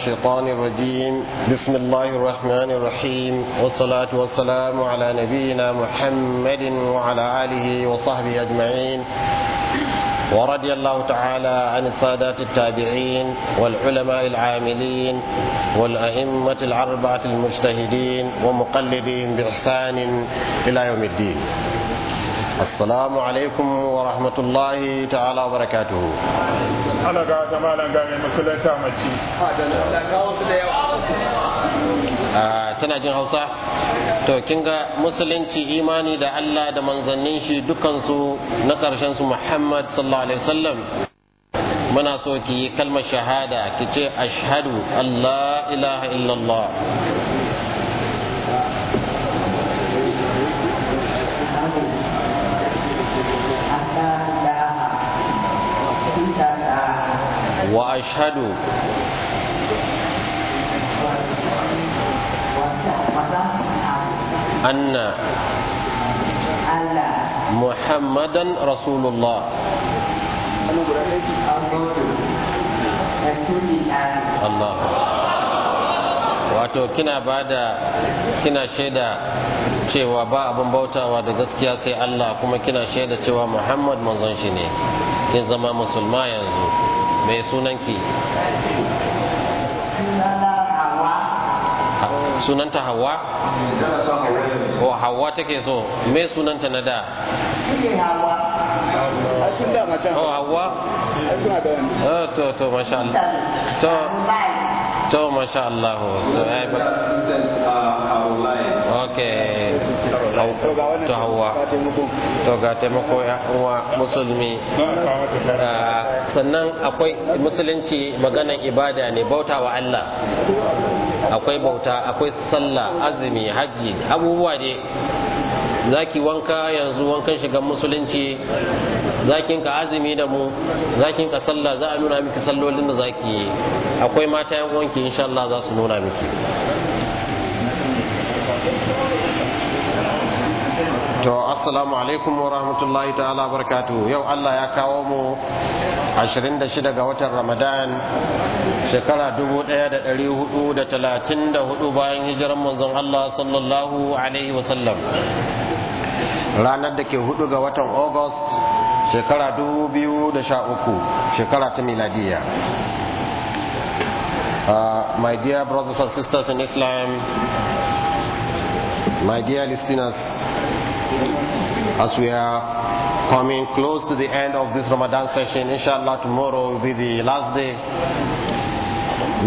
الشيطان الرجيم بسم الله الرحمن الرحيم والصلاة والسلام على نبينا محمد وعلى آله وصحبه أجمعين ورضي الله تعالى عن السادات التابعين والعلماء العاملين والأئمة الأربعة المجتهدين ومقلدين بإحسان إلى يوم الدين السلام عليكم ورحمة الله تعالى وبركاته على قاعدة ما لنقاعد مسؤولين كامتي tana jin hausa to ga musulunci imani da Allah da manzannin shi dukansu na ƙarshen su Muhammad sallallahu alaihi wasallam muna so ki yi kalmar shahada ki ce ashhadu Allah ilaha illallah وأشهد أن محمدا رسول الله الله wato kina bada kina shaida cewa ba abin bautawa da gaskiya sai Allah kuma kina shaida cewa Muhammad manzon shi ne kin zama musulma yanzu mai sunanki sunanta hawa o oh, hawa take so mai sunanta na da o hawa to to masha to to masha Allah to okay tawa hawa to ga taimako ya uwa musulmi ah, sannan akwai musulunci maganan ibada ne bauta wa Allah akwai bauta akwai sallah azumi haji abubuwa ne zaki wanka yanzu wankan shigan musulunci zakin ka azumi da mu zakin ka sallah za a nuna miki sallolin da zaki yi akwai mata yan wanki insha Allah za su nuna miki to assalamu alaikum wa rahmatullahi ta'ala barakatu yau Allah ya kawo mu 26 ga watan Ramadan shekara 1434 bayan hijiran manzon Allah sallallahu alaihi wasallam ranar da ke hudu ga watan August shekara 2013 shekara ta miladiya Uh, my dear brothers and sisters in Islam, my dear listeners, As we are coming close to the end of this Ramadan session, inshallah tomorrow will be the last day.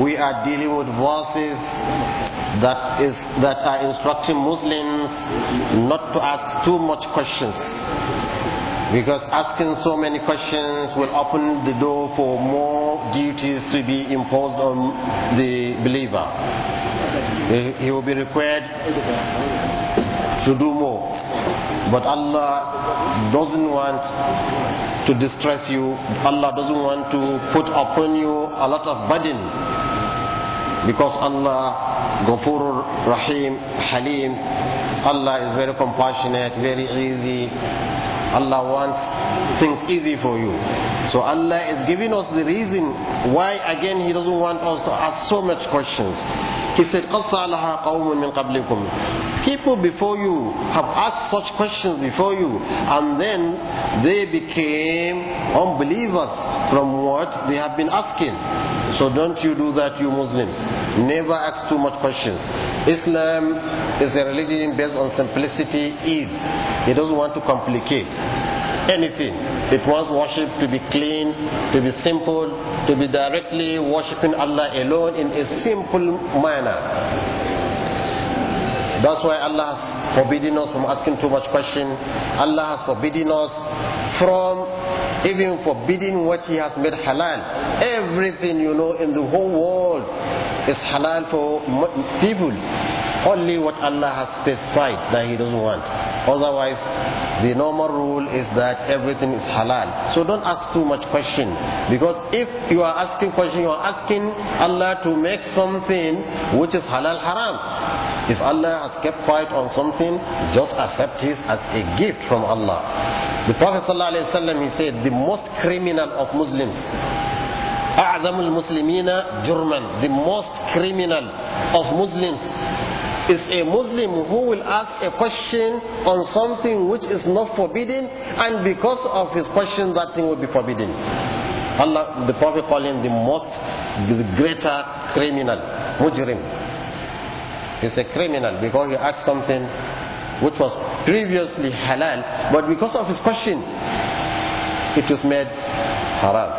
We are dealing with verses that is that are instructing Muslims not to ask too much questions. Because asking so many questions will open the door for more duties to be imposed on the believer. He will be required to do more. But Allah doesn't want to distress you. Allah doesn't want to put upon you a lot of burden. Because Allah, Ghafur Rahim, Halim, Allah is very compassionate, very easy Allah wants things easy for you. So Allah is giving us the reason why again He doesn't want us to ask so much questions. He said, قَصَّعَلَهَا qawmun min قَبْلِكُمْ People before you have asked such questions before you and then they became unbelievers from what they have been asking. So don't you do that, you Muslims. Never ask too much questions. Islam is a religion based on simplicity, ease. It doesn't want to complicate anything. It was worship to be clean, to be simple, to be directly worshipping Allah alone in a simple manner. That's why Allah has forbidden us from asking too much question. Allah has forbidden us from even forbidding what He has made halal. Everything you know in the whole world is halal for people. Only what Allah has specified that He doesn't want. Otherwise, the normal rule is that everything is halal. So don't ask too much question. Because if you are asking question, you are asking Allah to make something which is halal haram. If Allah has kept quiet on something, just accept it as a gift from Allah. The Prophet ﷺ, he said, the most criminal of Muslims أعظم المسلمين جرما the most criminal of Muslims is a Muslim who will ask a question on something which is not forbidden, and because of his question, that thing will be forbidden. Allah, the Prophet called him the most, the greater criminal, mujrim. He's a criminal because he asked something which was previously halal, but because of his question, it was made haram.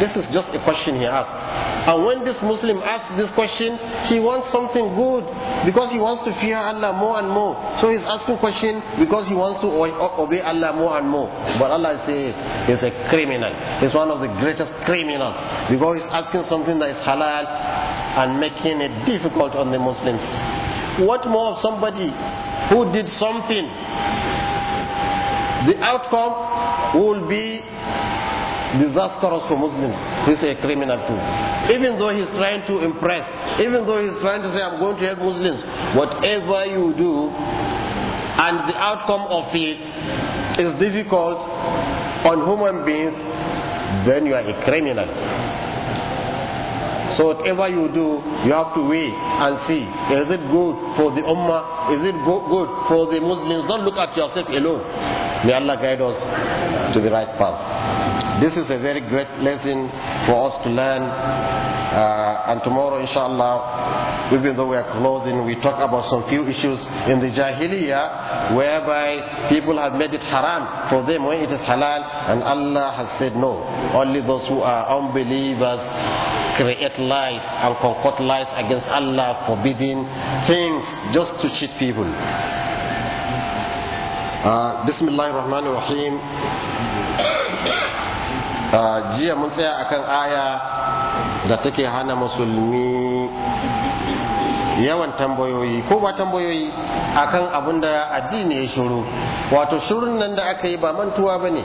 This is just a question he asked. And when this Muslim asks this question, he wants something good because he wants to fear Allah more and more. So he's asking question because he wants to obey Allah more and more. But Allah says he's a criminal. He's one of the greatest criminals because he's asking something that is halal and making it difficult on the Muslims. What more of somebody who did something? The outcome will be disastrous for Muslims. He's a criminal too. Even though he's trying to impress, even though he's trying to say, I'm going to help Muslims, whatever you do, and the outcome of it is difficult on human beings, then you are a criminal. So whatever you do, you have to weigh and see. Is it good for the Ummah? Is it good for the Muslims? Don't look at yourself alone. May Allah guide us to the right path. This is a very great lesson for us to learn. Uh, and tomorrow, inshallah, even though we are closing, we talk about some few issues in the Jahiliyyah whereby people have made it haram for them when it is halal, and Allah has said no. Only those who are unbelievers create lies and concoct lies against Allah, forbidding things just to cheat people. Uh, Bismillah ar-Rahman ar-Rahim. Ah, jiya mun tsaya akan aya da take hana musulmi yawan tambayoyi ko ba tambayoyi akan abin da addini ya shuru wato shurun nan da aka yi ba mantuwa ba ne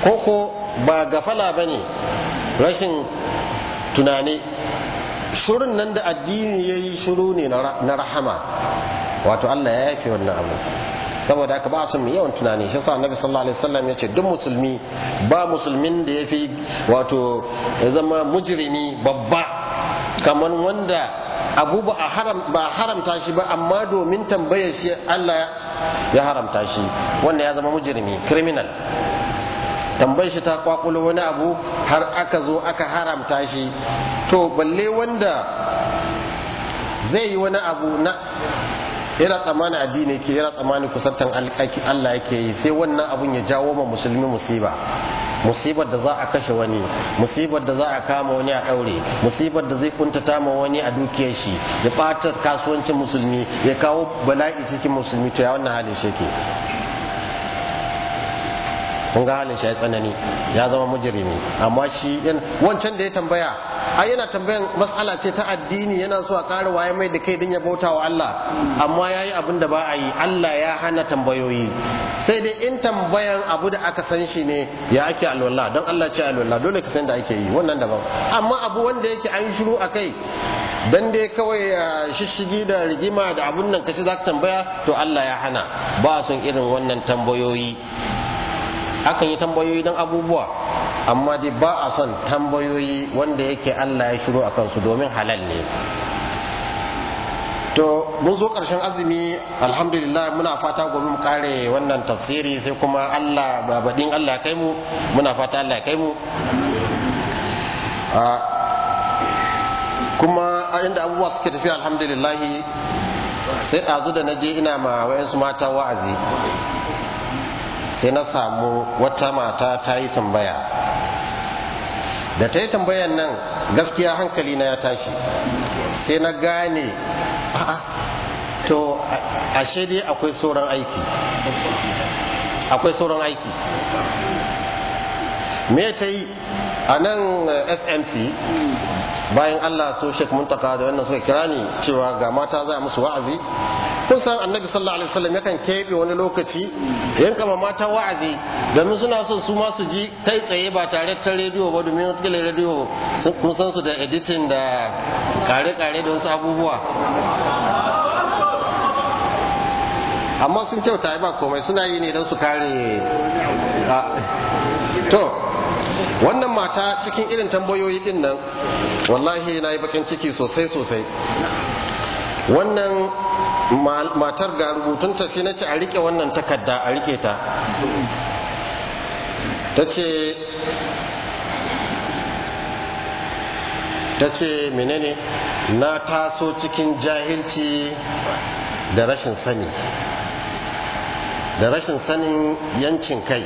Ko ba gafala ba ne rashin tunani shurun nan da addini ya yi shuru ne na rahama wato allah ya yafe wannan abu saboda haka ba su mu yawan tunani shi sa annabi sallallahu alaihi wasallam ya ce duk musulmi ba musulmin da ya fi wato zama mujrimi babba kamar wanda abu ba haram ba haramta shi ba amma domin tambayar shi Allah ya haramta shi wanda ya zama mujrimi criminal tambayar shi ta kwakulo wani abu har aka zo aka haramta shi to balle wanda zai yi wani abu na yana tsammanin addini ke yana tsammanin kusantan Allah yake yi sai wannan abun ya jawo ma musulmi musiba musibar da za a kashe wani musibar da za a kama wani a ɗaure musibar da zai kuntata ma wani a dukiyar shi ya ɓata kasuwancin musulmi ya kawo bala'i cikin musulmi to ya wannan halin shi ke kun ga halin shi ya tsanani ya zama mujirimi amma shi wancan da ya tambaya a yana tambayan mas'ala ce ta addini yana so a ƙara waye mai da kai din ya bauta wa Allah amma ya yi abin da ba a yi Allah ya hana tambayoyi sai dai in tambayan abu da aka san shi ne ya ake alwala don Allah ce alwala dole ka san da ake yi wannan daban amma abu wanda yake an shiru a kai dan dai kawai shishigi da rigima da abun nan kace zaka tambaya to Allah ya hana ba son irin wannan tambayoyi akan yi tambayoyi don abubuwa amma dai ba a son tambayoyi wanda yake Allah ya shiru a kansu domin halal ne to mun zo ƙarshen azumi alhamdulillah muna fata gobe mu kare wannan tafsiri sai kuma Allah babadin Allah kai mu muna fata Allah kai mu kuma inda abubuwa suke tafiya alhamdulillah sai ɗazu da na je ina ma wayansu mata wa'azi sai na samu wata mata ta yi tambaya da ta yi tambayan nan gaskiya hankali na ya tashi sai na gane a to a dai akwai sauran aiki akwai sauran aiki me ta yi a nan fmc eh, bayan allah so shek muntaka da wannan suka kira ni cewa ga mata za a musu wa'azi kun san annabi sallallahu alaihi wasallam yakan keɓe wani lokaci yanka ma mata wa'azi domin suna son su ma su ji kai tsaye ba tare ta rediyo ba domin wataƙila rediyo kun san su da editing da kare-kare da wasu abubuwa amma sun kyauta ba komai suna yi ne don su kare to wannan mata cikin irin tambayoyi din nan wallahi na yi bakin ciki sosai sosai wannan matar ga rubutunta sai na ce a rike wannan takarda a rike ta ta ce menene na taso cikin jahilci da rashin sani da rashin sanin yancin kai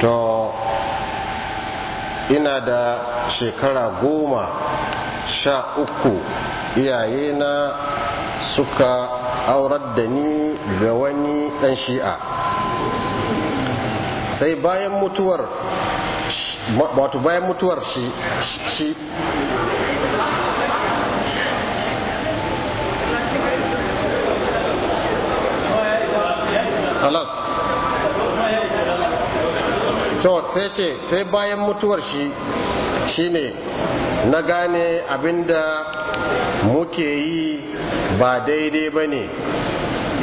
to ina da shekara goma sha uku iyayena suka aurar da ni ga wani ɗan shi'a sai bayan mutuwar wato bayan mutuwar shi shi alas to sai ce sai bayan mutuwar shi ne na gane abinda muke yi ba daidai ba ne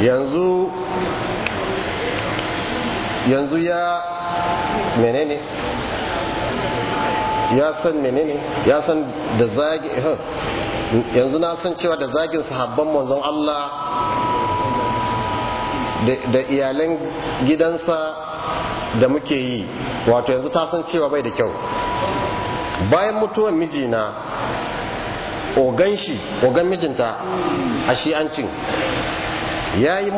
yanzu yanzu ya menene ya san menene ya san da zagi yanzu na san cewa da zagin sahabban manzon Allah da iyalan gidansa da muke yi wato yanzu ta san cewa bai da kyau bayan mutuwar mijina ogan shi ogan mijinta a cin, ya yi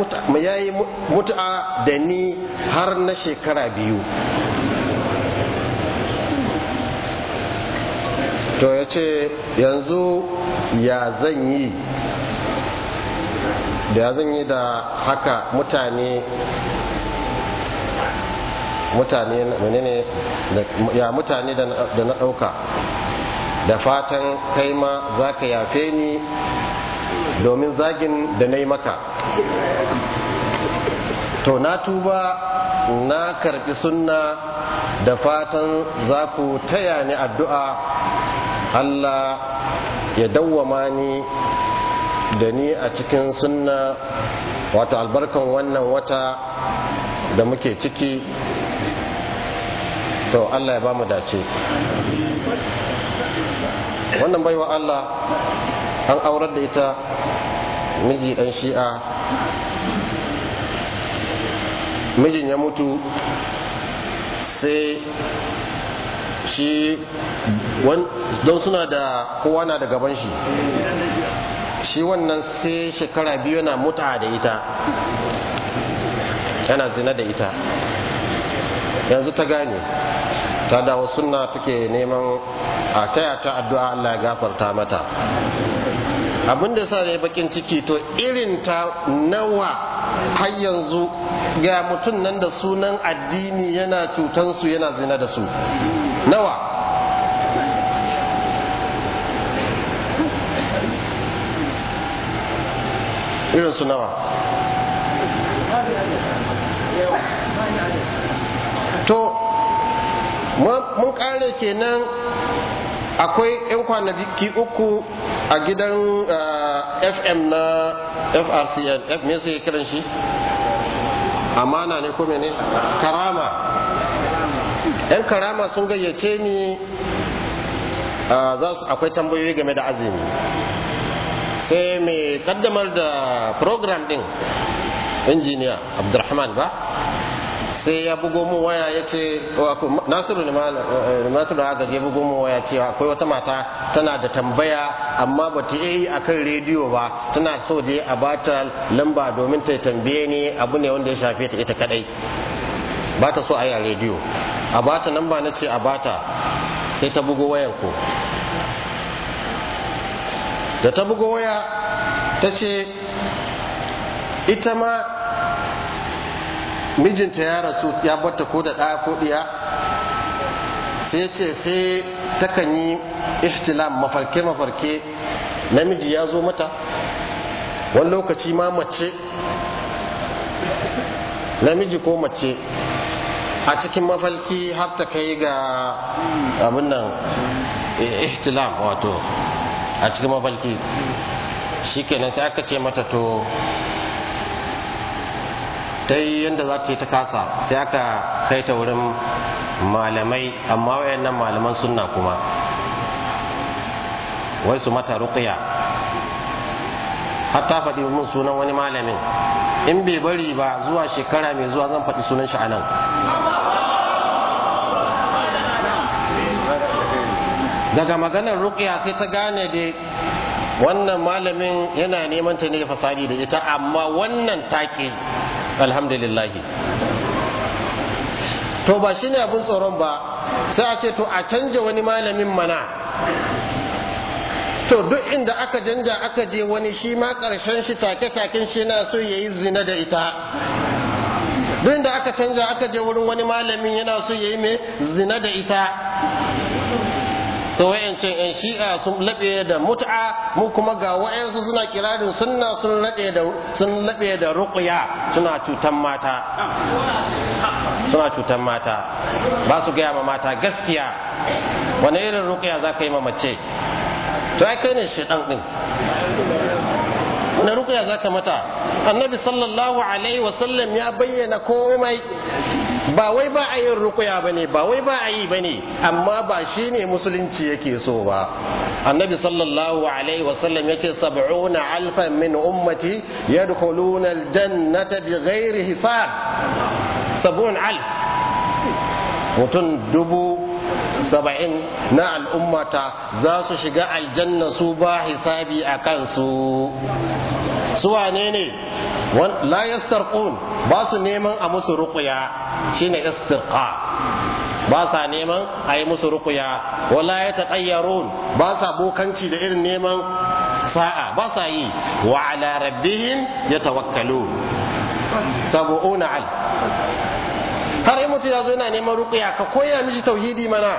mutu'a da ni har na shekara biyu to ya ce yanzu ya zan yi da zan yi da haka mutane mutane menene ya mutane da na ɗauka da fatan kai ma za ka yafe ni domin zagin da na yi maka to na tuba na karɓi sunna da fatan za ku taya ni addu'a Allah ya dawwama ni da ni a cikin sunna wato albarkan wannan wata da muke ciki to Allah ya ba mu dace wannan baiwa Allah an aurar da ita miji dan shi'a mijin ya mutu sai shi don suna da kowa na da gaban shi shi wannan sai shekara biyu na muta da ita yana zina da ita yanzu ta gane ta dawo sunna take neman a taya ta addu'a Allah ya gafarta mata abin da sa ne bakin ciki to irin ta nawa har yanzu ga mutum nan da sunan addini yana cutansu yana zina da su nawa irin su nawa to mun kare kenan akwai 'yan kwanaki uku a gidan ah, fm na frcn f me suke kiran shi amana ne kome ne karama 'yan karama sun gayyace ni ah, za su akwai tambayoyi game da azumi sai mai kaddamar da program din injiniya Abdurrahman. ba sai ya bugo mun waya ya ce nasiru eh, nasiru Aga ya bugo mun waya cewa akwai wata mata tana da tambaya amma ba ta yi a kan rediyo ba tana so je a bata lamba domin ta tambaye ne abu ne wanda ya shafe ta ita kadai ba ta so a yi a rediyo a bata lamba na ce a bata sai ta bugo wayan ku da ta bugo waya ta ce ita ma mijinta ya rasu ya bata ko da ɗaya ko ɗiya sai ce sai takan yi ihtilam mafarke mafarke namiji ya zo mata wani lokaci ma mace namiji ko mace a cikin mafarki har ta kai ga abin nan ihtilam wato a cikin mafarki shi shikenan sai aka ce mata to ta yi yadda za ta yi ta kasa sai aka kai ta wurin malamai amma wayannan malaman sunna kuma wai su mata ruqya har faɗi mun sunan wani malamin in bai bari ba zuwa shekara mai zuwa zan faɗi sunan shi anan daga maganar ruqya sai ta gane da wannan malamin yana neman ta ne fasadi da ita amma wannan take alhamdulillahi to ba shine abin tsoron ba sai a ce to a canja wani malamin mana to duk inda aka janja aka je wani shi ma karshen shi take-taken shi na so yayi zina da ita duk inda aka canja aka je wurin wani malamin yana so yayi mai zina da ita sai wayancin yan shi'a sun labe da mut'a mu kuma ga wayansu suna kirarin sunna sun labe da sun labe da ruqya suna cutan mata suna cutan mata ba su gaya ma mata gaskiya wani irin ruqya za ka yi ma mace to ai kai ne shedan din wani ruqya za ka mata annabi sallallahu alaihi wasallam ya bayyana komai ba wai ba a yin rukuya ne ba wai ba a yi bane amma ba shi ne musulunci yake so ba annabi sallallahu alaihi wasallam yace sab'una alfan min ummati yadkhuluna aljannata bighairi hisab sab'un alf mutum dubu saba'in na al'ummata za su shiga aljanna su ba hisabi a kansu su wane ne la yastarqun ba su neman a musu ruqya shine istirqa ba sa neman a yi musu ruqya wala yataqayyarun ba sa bokanci da irin neman sa'a ba sa yi wa ala rabbihim yatawakkalun sabu'una al har yi mutu ya zo yana neman ruqya ka koya mishi tauhidi mana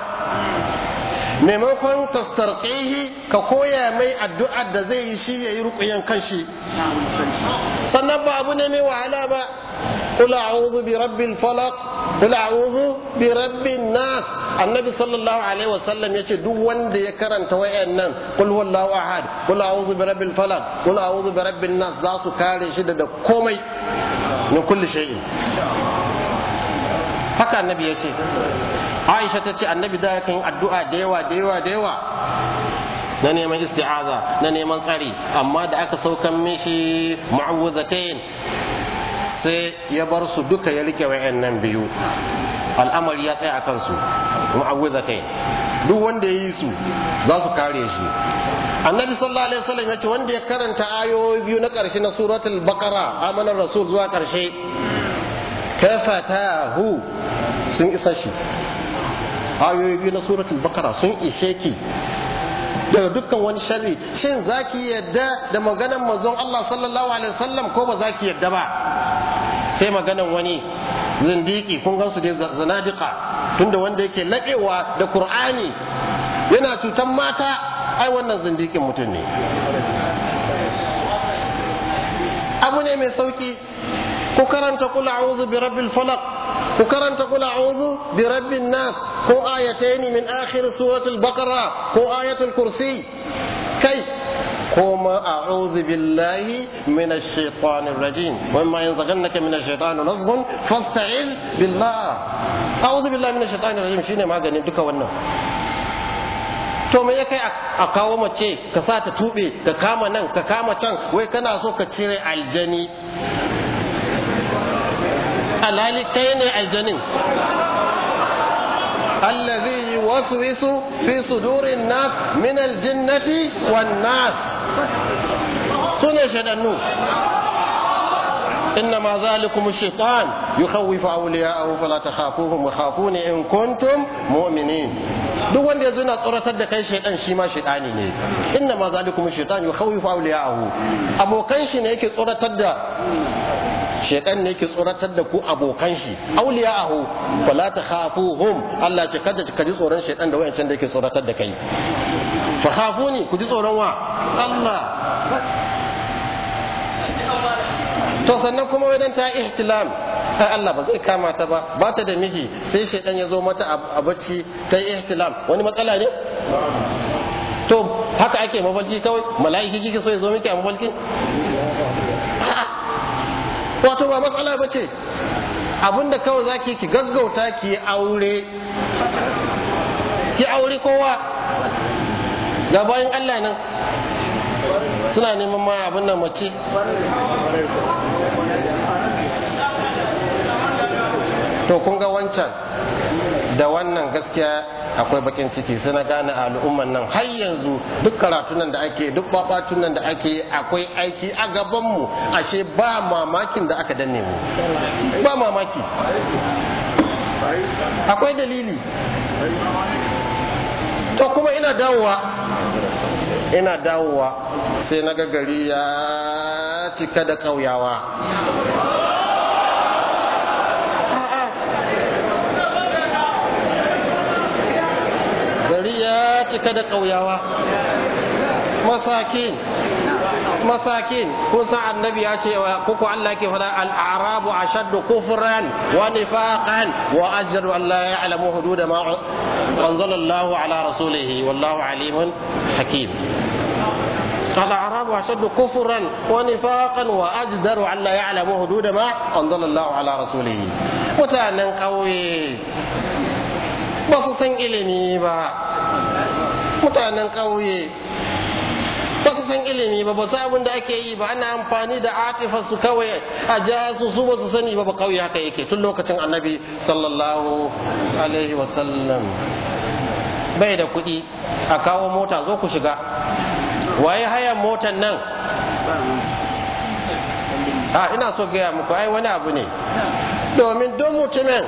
maimakon tastarqihi ka koya mai addu'ar da zai yi shi ya yayi rukuyan kanshi sannan ba abu ne mai wahala ba kula a'udhu bi rabbil falaq kula a'udhu bi rabbin nas annabi sallallahu alaihi wasallam yace duk wanda ya karanta wayannan kul wallahu ahad kul a'udhu bi rabbil falaq kul a'udhu bi rabbin nas za su kare shi da komai na kulli shay'in haka annabi yace Aisha ta ce annabi da yakan addu'a da yawa da yawa da yawa na neman isti'aza na neman tsari amma da aka saukan mishi ma'awuzatain sai ya bar su duka ya rike wayannan biyu al'amari ya tsaya a kansu ma'awuzatain duk wanda ya yi su za su kare shi annabi sallallahu alaihi wasallam ya ce wanda ya karanta ayoyi biyu na karshe na suratul baqara amanar rasul zuwa karshe kafatahu sun isa shi ayoyi biyu na suratul baqara sun ishe ki daga dukkan wani sharri shin ki yadda da maganan manzon Allah sallallahu alaihi wasallam ko ba za ki yadda ba sai maganan wani zindiki kun gansu dai zanadika tunda wanda yake laɓewa da Qur'ani yana cutar mata ai wannan zindikin mutum ne abu ne mai sauki ku karanta kula a'udhu bi rabbil falaq ku karanta kul a'udhu bi rabbin nas ko ayataini min akhir suratul baqara ko ayatul kursi kai ko ma a'udhu billahi minash shaitanir rajim wa ma yanzaghannaka minash shaitani nazghun fasta'iz billah a'udhu billahi minash shaitanir rajim shine maganin duka wannan to me ya kai a kawo mace ka sa ta tube ka kama nan ka kama can wai kana so ka cire aljani alhali kai ne aljanin allazi yuwaswisu fi sudurin na min aljinnati wan nas sune shadannu إنما ذلكم الشيطان يخوف أولياءه فلا تخافوهم وخافوني إن كنتم مؤمنين duk wanda ya zo yana tsoratar da kai shaidan shi ma shaidani ne inna ma zalikum shaitan yukhawifu awliya'ahu abokan shi ne yake tsoratar da shaitan ne ke tsoratar da ku abokan shi auliya'ahu fala takhafuhum Allah ce kada ka ji tsoron shaitan da wayancan da yake tsoratar da kai fa khafuni ku ji tsoron wa Allah to sannan kuma wajen ta ihtilam ai Allah ba zai kama ta ba ba ta da miji sai shaitan ya zo mata a bacci ta ihtilam wani matsala ne to haka ake mafalki kawai mala'iki kike so ya zo miki a mafalki wato ba matsala ba ce abinda kawai zaki ki gaggauta ki aure ki aure kowa ga bayan Allah nan suna neman ma abin nan mace to kun ga wancan da wannan gaskiya akwai bakin ciki sai na gane al'umman nan har yanzu duk karatunan da ake duk babatunan da ake akwai aiki a gaban ashe ba mamakin da aka danne mu ba mamaki akwai dalili to kuma ina dawowa ina dawowa sai na gari ya cika da ƙauyawa. cika da ƙauyawa masakin masakin kun san annabi ya ce wa kuku Allah ke fada al-arabu ashaddu kufran wa nifaqan wa ajru an la ya'lamu hudud ma anzala Allah ala rasulih wallahu alimun hakim الأعراب أشد كفرا ونفاقا ya أن لا يعلم حدود ما ala الله mutanen رسوله ba su san ilimi ba. mutanen ƙauye ba su san ilimi ba ba su da ake yi ba ana amfani da atifa su kawai a ja su su ba su sani ba ba ƙauye haka yake tun lokacin annabi sallallahu alaihi wasallam bai da kuɗi a kawo mota zo ku shiga waye hayan motan nan a ina so gaya muku ai wani abu ne domin don mutumin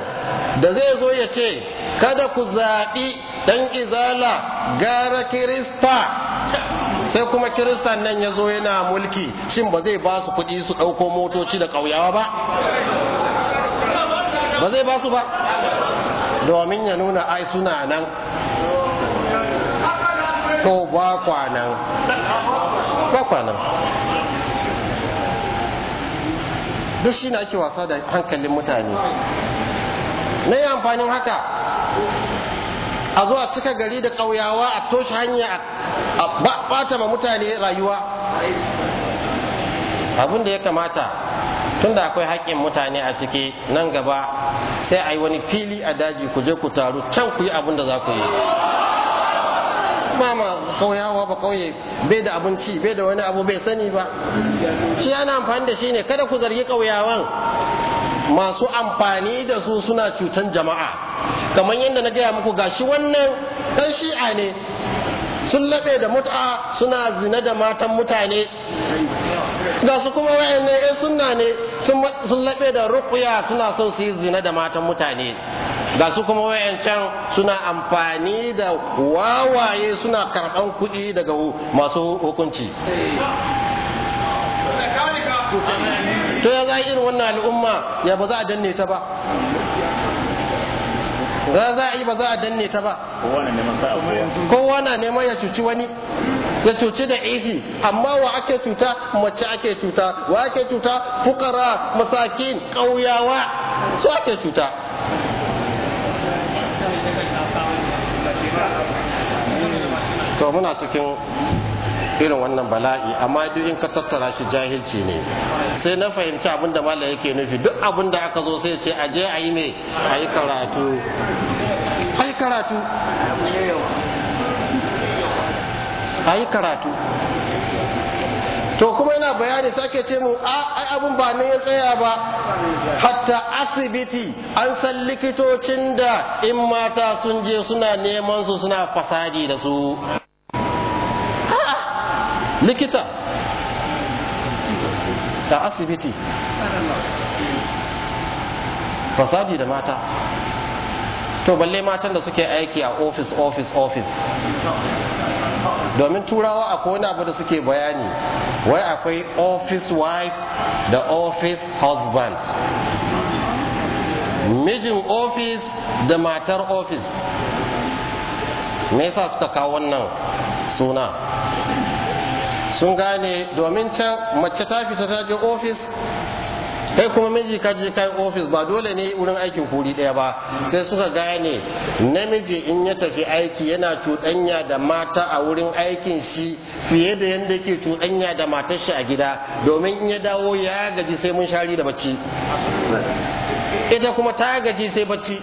da zai zo ya ce kada ku zaɓi dan izala gara kirista sai kuma kirista nan ya zo yana mulki shin ba zai ba su kuɗi su ɗauko motoci da ƙauyawa ba ba zai ba su ba domin ya nuna ai suna nan to ba kwanan ba kwanan duk shi na ake wasa da hankalin mutane na yi amfanin haka a zuwa cika gari da ƙauyawa a toshe hanya a ɓata ma mutane rayuwa abin da ya kamata tun da akwai haƙƙin mutane a ciki nan gaba sai a yi wani fili a daji ku je ku taru can ku yi abin da za ku yi mama kauyawa ba kauye bai da abinci bai da wani abu bai sani ba shi ana amfani da shi ne kada ku zargi ƙauyawan masu amfani da su suna cutan jama'a kamar yadda na gaya muku gashi wannan ɗan shi'a ne sun laɓe da mut'a suna zina da matan mutane ga su kuma wayanne sunna ne sun laɓe da rukuya suna so su yi zina da matan mutane ga su kuma wayancan suna amfani da wawaye suna karɓan kuɗi daga masu hukunci to ya za irin wannan al'umma ya ba za a danne ta ba za za a yi ba za a danne ta ba kowa na neman ya cuci wani ya cuci da ifi amma wa ake cuta mace ake cuta wa ake cuta fukara masakin ƙauyawa su ake cuta to muna cikin irin wannan bala'i amma duk in ka tattara shi jahilci ne sai na fahimci abin da malam yake nufi duk abin da aka zo sai ce a je a yi me a yi karatu a yi karatu a yi karatu to kuma yana bayani sake ce mu ai abin ba ne ya tsaya ba hatta asibiti an san likitocin da in mata sun je suna neman su suna fasadi da su likita ta asibiti fasadi da mata to balle matan da suke aiki a ofis ofis ofis domin turawa akwai wani abu da suke bayani wai akwai office wife da office husband mijin ofis da matar ofis me yasa suka kawo wannan suna sun gane domin can mace ta fita ta je ofis kai kuma miji ka je kai ofis ba dole ne wurin aikin kuri ɗaya ba sai suka gane namiji in ya tafi aiki yana cuɗanya da mata a wurin aikin shi fiye da yadda yake cuɗanya da matar shi a gida domin in ya dawo ya gaji sai mun shari da bacci ita kuma ta gaji sai bacci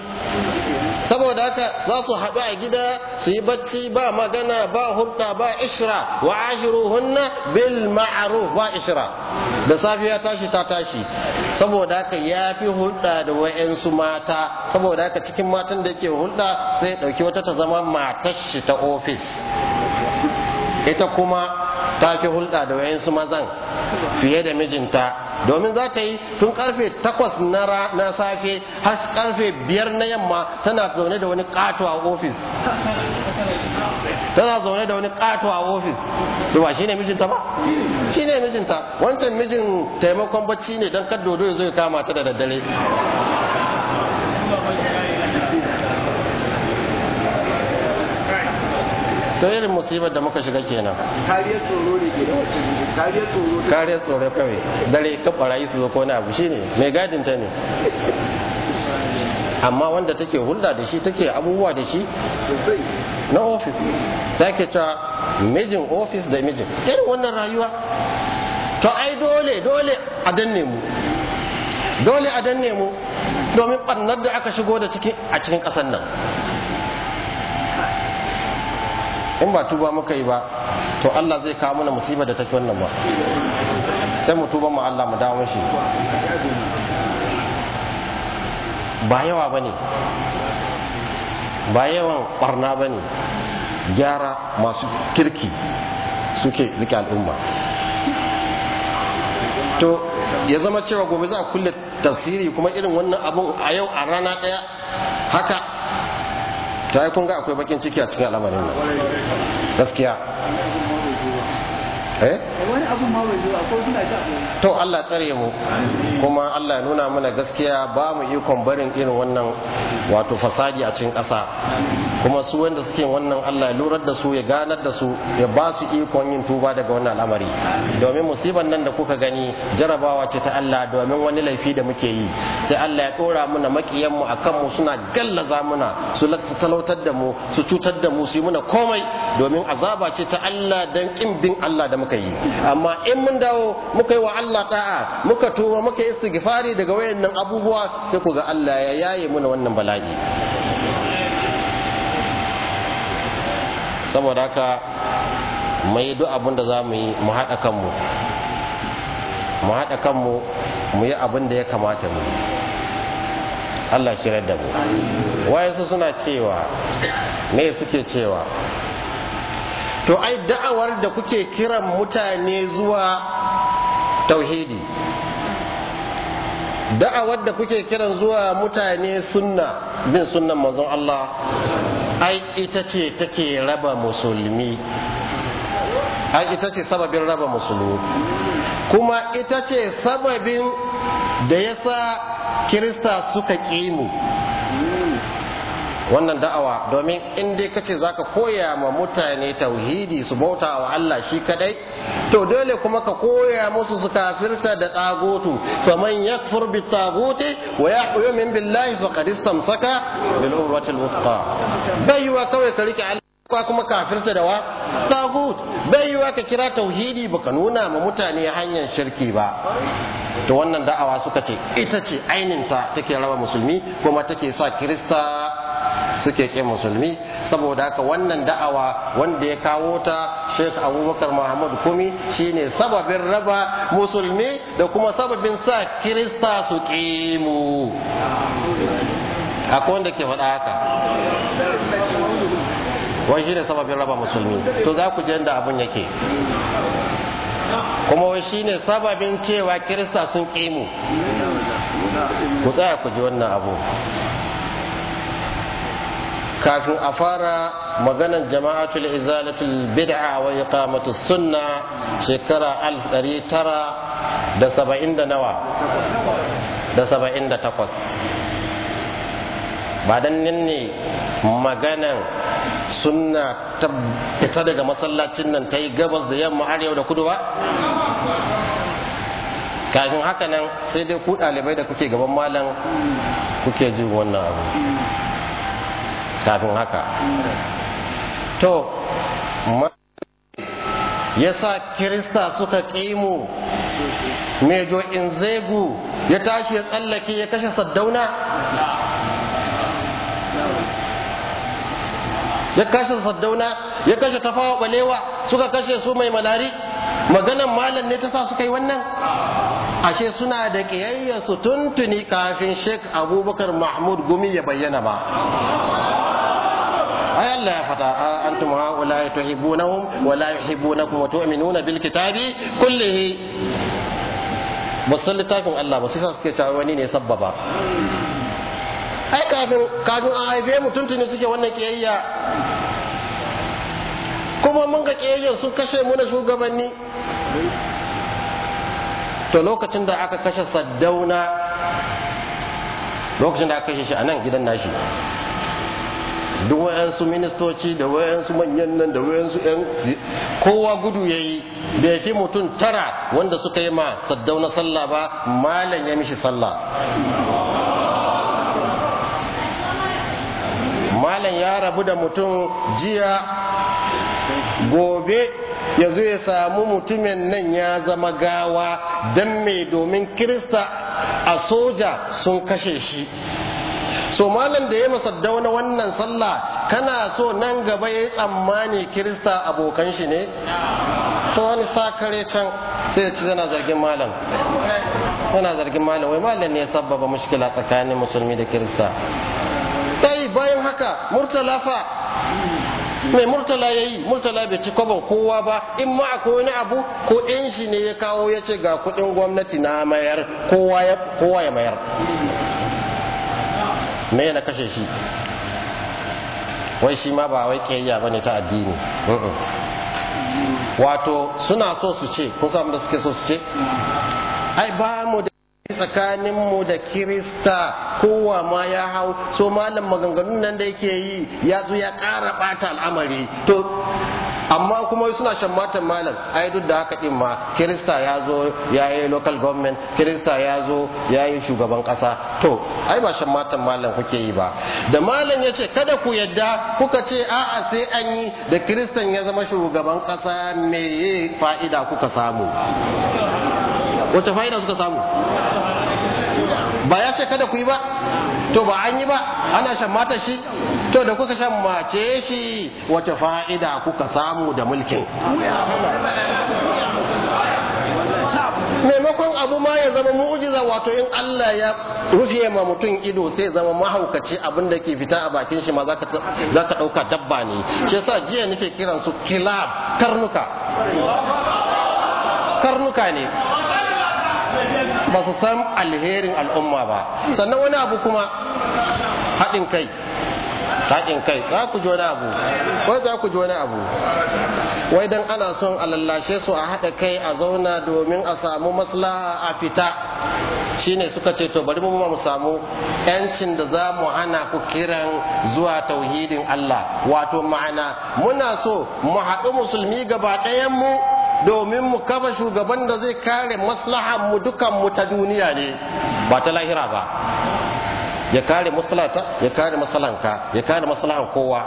saboda haka za su haɗu a gida su yi bacci ba magana ba hudda ba ishra wa hunna bil ma'ruf ba ishra da safiya tashi ta tashi saboda haka ya fi hulɗa da wa'yansu mata saboda haka cikin matan da yake hulɗa sai ɗauki wata ta zama matar shi ta ofis ita kuma ta fi hulɗa da wayansu mazan fiye da mijinta domin za ta yi tun karfe takwas na safe har karfe biyar na yamma tana zaune da wani kato a ofis tana zaune da wani kato a ofis ba shi ne mijinta ba shi ne mijinta wancan mijin taimakon bacci ne don kaddodo ya zo kama ta da daddare to irin musibar da muka shiga kenan kariyar tsoro ne ke da kariyar tsoro kariyar tsoro kawai dare ka barayi su zo ko na abu shine mai gadin ta ne amma wanda take hulɗa da shi take abubuwa da shi na ofis sai ke cewa mijin ofis da mijin irin wannan rayuwa to ai dole dole a danne mu dole a danne mu domin ɓarnar da aka shigo da ciki a cikin ƙasar nan in ba tuba muka yi ba to Allah zai kawo mana musibar da take wannan ba sai mu tuba mu Allah mu dawo shi ba yawa bane ba yawan barna bane gyara masu kirki suke rike al'umma to ya zama cewa gobe za a kulle tafsiri kuma irin wannan abun a yau a rana daya haka to ai kun ga akwai bakin ciki a cikin al'amarin nan gaskiya eh wani abu ma bai zuwa ko suna to Allah tsare mu kuma Allah nuna mana gaskiya ba mu ikon barin irin wannan wato fasadi a cikin ƙasa kuma su wanda suke wannan Allah ya lurar da su ya ganar da su ya ba su ikon yin tuba daga wannan al'amari domin musibar nan da kuka gani jarabawa ce ta Allah domin wani laifi da muke yi sai Allah ya dora muna makiyan mu akan mu suna gallaza muna su lasta talautar da mu su cutar da mu su yi muna komai domin azaba ce ta Allah dan kin bin Allah da muka yi amma in mun dawo muka yi wa Allah ta'a muka tuba muka yi istighfari daga wayannan abubuwa sai ku ga Allah ya yaye muna wannan bala'i saboda haka mai duk abin da za mu yi mu haɗa kanmu mu haɗa kanmu mu yi abin da ya kamata mu Allah shirar da mu wayansu suna cewa me suke cewa to ai da'awar da kuke kiran mutane zuwa tauhidi da'awar da kuke kiran zuwa mutane sunna bin sunnan manzon Allah ai ita ce take raba musulmi ai ita ce sababin raba musulmi kuma ita ce sababin da yasa kirista suka kimu. wannan da'awa domin in dai kace zaka koya ma mutane tauhidi su bauta wa Allah shi kadai to dole kuma ka koya musu su kafirta da tsagutu man yakfur bi taguti wa yu'min billahi faqad istamsaka bil al wuthqa bai wa kawai ka rike Allah kuma kafirta da wa tagut bai wa ka kira tauhidi baka nuna ma mutane hanyar shirki ba to wannan da'awa suka ce ita ce aininta take raba musulmi kuma take sa kirista suke ƙin musulmi saboda haka wannan da'awa wanda ya kawo ta Sheikh Abubakar Muhammad Kumi shine sababin raba musulmi da kuma sababin sa Kirista su kimu. akwai wanda ke faɗa haka wai shine sababin raba musulmi to za ku je da abun yake kuma wai shine sababin cewa kirista sun kimu ku tsaya ku ji wannan abu kafin a fara maganar jama'atul izalatul bid'a wa iqamatus sunna shekara 1900 da 78 ba dan nan ne maganan sunna ta fita daga masallacin nan ta yi gabas da yamma arewa da kudu ba kafin haka nan sai dai ku ɗalibai da kuke gaban malam kuke jin wannan abu kafin haka to yasa kirista suka kimu mejo inzegu ya tashi ya tsallake ya kashe saddauna ya kashe saddauna ya kashe tafawa balewa suka kashe su mai malari maganan malam ne ta sa suka yi wannan ashe suna da kiyayya su tuntuni kafin sheik abubakar mahmud gumi ya bayyana ba ai Allah ya fada antum haula tuhibbunahum wa la yuhibbunakum wa tu'minuna bil kitabi kullihi ba san Allah ba sai suke cewa wani ne sababa. ai kafin kafin an haife mu tuntuni suke wannan kiyayya kuma mun ga kiyayyar sun kashe mu na shugabanni to lokacin da aka kashe saddauna lokacin da aka kashe shi a nan gidan nashi duk wayansu ministoci da wayansu manyan nan da wayansu yan kowa gudu ya yayi bai fi mutum tara wanda suka yi ma na sallah ba malam ya mishi sallah malam ya rabu da mutum jiya gobe ya zo ya samu mutumin nan ya zama gawa don mai domin kirista a soja sun kashe shi so malam da ya dauna wannan sallah kana so nan gaba ya yi tsammani kirista abokan shi ne to wani sakare can sai ci zana zargin malam yana zargin malam wai malam ne ya sabbaba mushkila tsakanin musulmi da kirista dai bayan haka murtala fa mai murtala ya yi murtala bai ci kwaban kowa ba in ma akwai wani abu ko ɗin shi ne ya kawo ya ce ga kuɗin gwamnati na mayar kowa ya mayar me na kashe shi wai shi ma ba wai kiyayya bane ta addini wato suna so su ce kun san da suke so su ce ai ba mu da tsakanin mu da kirista kowa ma ya hau so malam maganganun nan da yake yi ya zo ya ƙara ɓata al'amari to amma kuma suna shan matan malam ai duk da haka din ma kirista ya zo ya yi local government kirista ya zo ya yi shugaban kasa to ai ba shan malam kuke yi ba da malam ya ce kada ku yadda kuka ce a'a sai an yi da kiristan ya zama shugaban kasa me fa'ida kuka samu wace fa'ida suka samu ba ya ce kada ku yi ba to ba an yi ba ana shan mata shi to da kuka shan mace shi wace fa'ida kuka samu da mulkin maimakon abu ma ya zama mu'ujiza wato in Allah ya rufe ma mutum ido sai zama mahaukaci abin da ke fita a bakin shi ma za ka ɗauka dabba ne shi yasa jiya nake kiran su kilab karnuka karnuka ne ba su san alherin al'umma ba sannan wani abu kuma haɗin kai haɗin kai za ku ji wani abu wai za ku ji wani abu wai dan ana son a lallashe su a haɗa kai a zauna domin a samu maslaha a fita shine suka ce to bari mu mu samu yancin da za mu hana ku kiran zuwa tauhidin Allah wato ma'ana muna so mu haɗu musulmi gaba ɗayan mu domin mu kafa shugaban da zai kare maslahan mu dukan mu ta duniya ne ba ta lahira ba ya kare maslata ya kare maslanka, ya kare maslahan kowa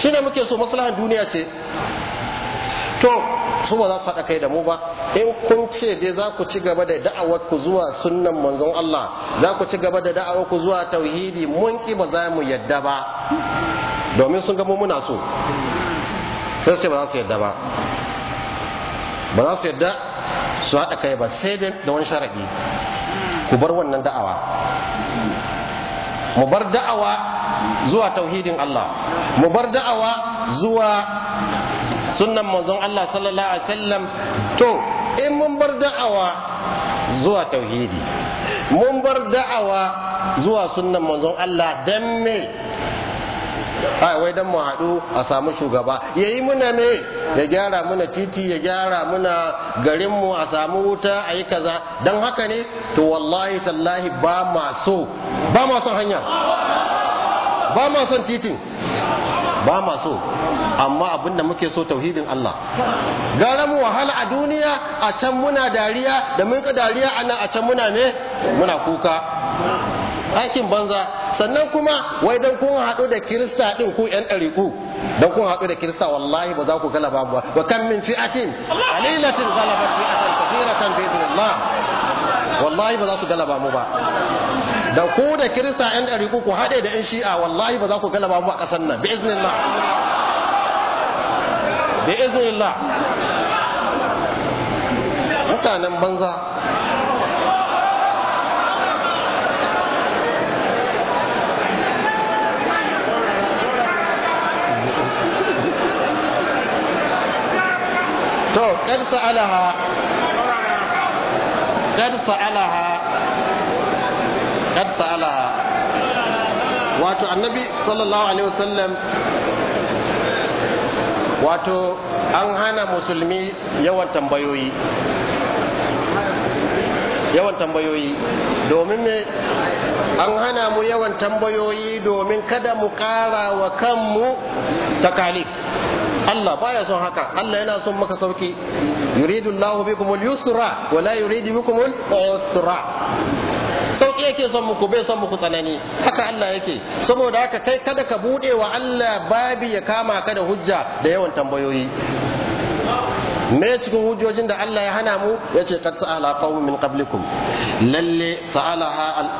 shi ne muke so maslahan duniya ce to su ba za su haɗa kai da mu ba in kun ce dai za ku ci gaba da da'awar ku zuwa sunnan manzon Allah za ku ci gaba da da'awar ku zuwa tauhidi mun ki ba za mu yadda ba domin sun ga mu muna so sai ce ba za su yadda ba ba za su yadda su haɗa kai ba sai da wani sharaɗi ku bar wannan da'awa mu bar da'awa zuwa tauhidin Allah mu bar da'awa zuwa sunnan manzon Allah sallallahu alaihi wasallam to in mun bar da'awa zuwa tauhidi mun bar da'awa zuwa sunnan manzon Allah dan me a wai dan mu haɗu a samu shugaba ya yi muna me ya gyara muna titi ya gyara muna garinmu a samu wuta a yi kaza don haka ne to wallahi tallahi ba ma so ba ma son hanya ba ma son titin ba ma so amma abinda muke so tauhidin Allah gara mu wahala a duniya a can muna dariya da mun ka dariya a a can muna ne? muna kuka aikin banza sannan kuma wai dan kun haɗu da kirista din ku yan ɗariku dan kun haɗu da kirista wallahi ba za ku galaba ba wa kan min fi'atin qalilatin ghalabat fi'atan kathiratan bi idnillah wallahi ba za su galaba mu ba da ku da kirista yan ɗariku ku haɗe da yan shi'a wallahi ba za ku galaba mu a ƙasar nan bi idnillah bi idnillah mutanen banza to kar sa'alaha kar sa'alaha kar sa'alaha wato annabi sallallahu alaihi wasallam wato an hana musulmi yawan tambayoyi yawan tambayoyi domin me an hana mu yawan tambayoyi domin kada mu kara wa kanmu takalif Allah baya son haka Allah yana son maka sauki yuridu Allah bikum al-yusra wa la yuridu bikum al-usra sauki yake son muku bai son muku tsanani haka Allah yake saboda haka kai kada ka bude wa Allah babi ya kama ka da hujja da yawan tambayoyi me cikin hujjojin da Allah ya hana mu yace qad sa'ala qaumun min qablikum lalle sa'ala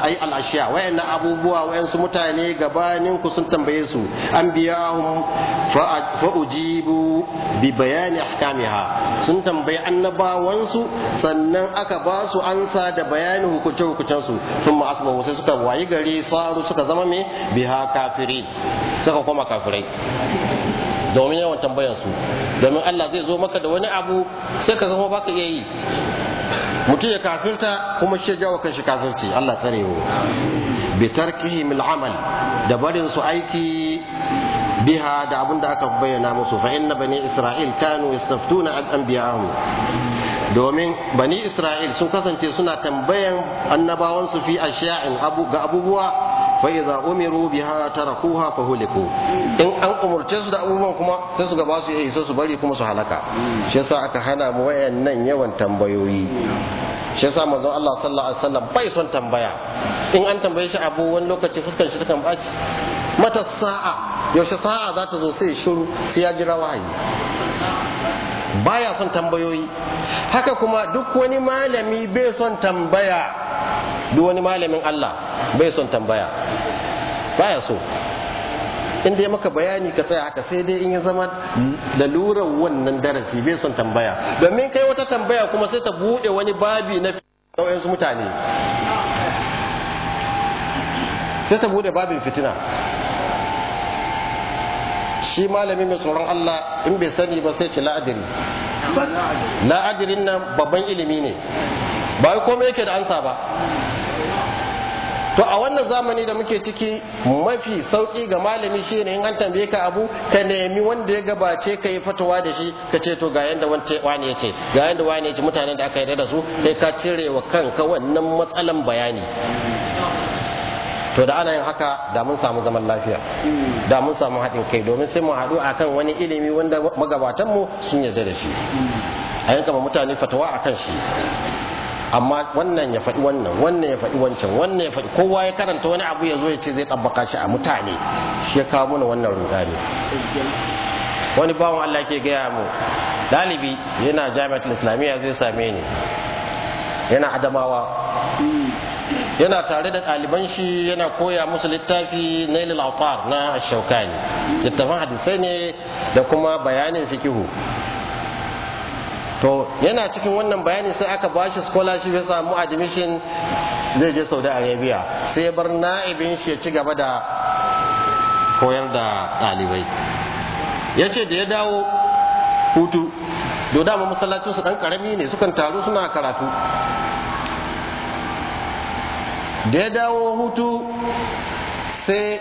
ay al ashiya wayanna abubuwa wayansu mutane gabanin ku sun tambaye su anbiyahum fa ujibu bi bayani ahkamiha sun tambayi annabawansu sannan aka ba su ansa da bayanin hukunce hukuncen su thumma asbahu sai suka wayi gari saru suka zama me biha kafirin suka koma kafirai domin yawan tambayar su domin Allah zai zo maka da wani abu sai ka zama baka iya yi mutum ya kafirta kuma shi jawo kanshi kafirci Allah tsare mu bi mil Amal da barin su aiki biha da abin da aka bayyana musu fa inna bani isra'il kanu yastaftuna an anbiya'ahum domin bani isra'il sun kasance suna tambayan annabawan su fi ashiya'in ga abubuwa fa idza umiru biha tarakuha fa huliku in an umurce su da abubuwan kuma sai su gaba su yi su bari kuma su halaka shi yasa aka hana mu wayannan yawan tambayoyi shi yasa manzon Allah sallallahu alaihi wasallam bai son tambaya in an tambaye shi abu wani lokaci fuskar shi takan baci mata sa'a yaushe sa'a za ta zo sai shiru sai ya jira wahayi baya son tambayoyi haka kuma duk wani malami bai son tambaya duk wani malamin Allah bai son tambaya baya so Inda ya maka bayani ka tsaya haka sai dai in ya zama lalurar wannan darasi bai son tambaya domin kai wata tambaya kuma sai ta buɗe wani babi na su mutane sai ta buɗe babin fitina shi malami mai tsoron Allah in bai sani ba sai ce la'adiri la'adirin nan babban ilimi ne ba komai yake da ansa ba to a wannan zamani da muke ciki mafi sauki ga malami shi ne in an tambaye ka abu ka nemi wanda ya gabace ka yi fatawa da shi ka ce to ga yanda wani ya ce ga yanda wani ya ce mutanen da aka yarda da su kai ka cire wa kanka wannan matsalan bayani to da ana yin haka da mun samu zaman lafiya da mun samu haɗin kai domin sai mu haɗu akan wani ilimi wanda mu sun yarda da shi a yanka ma mutane fatawa akan shi amma wannan ya faɗi wannan wannan ya faɗi wancan wannan ya faɗi kowa ya karanta wani abu ya zo ya ce zai tabbaka shi a mutane shi ya kawo mana wannan rudani wani bawan Allah ke gaya mu dalibi yana jami'atul islamiyya zai same ni yana adamawa yana tare da ɗaliban shi yana koya musu littafi ilil autar na ashaukani littafin hadisai ne da kuma bayanin fikihu to yana cikin wannan bayanin sai aka ba shi scholarship ya samu admission zai je saudi arabia sai ya bar na'ibin shi ya ci gaba da koyar da ɗalibai ya ce da ya dawo hutu do dama masallacin su ɗan ƙarami ne sukan taru suna karatu da ya dawo hutu sai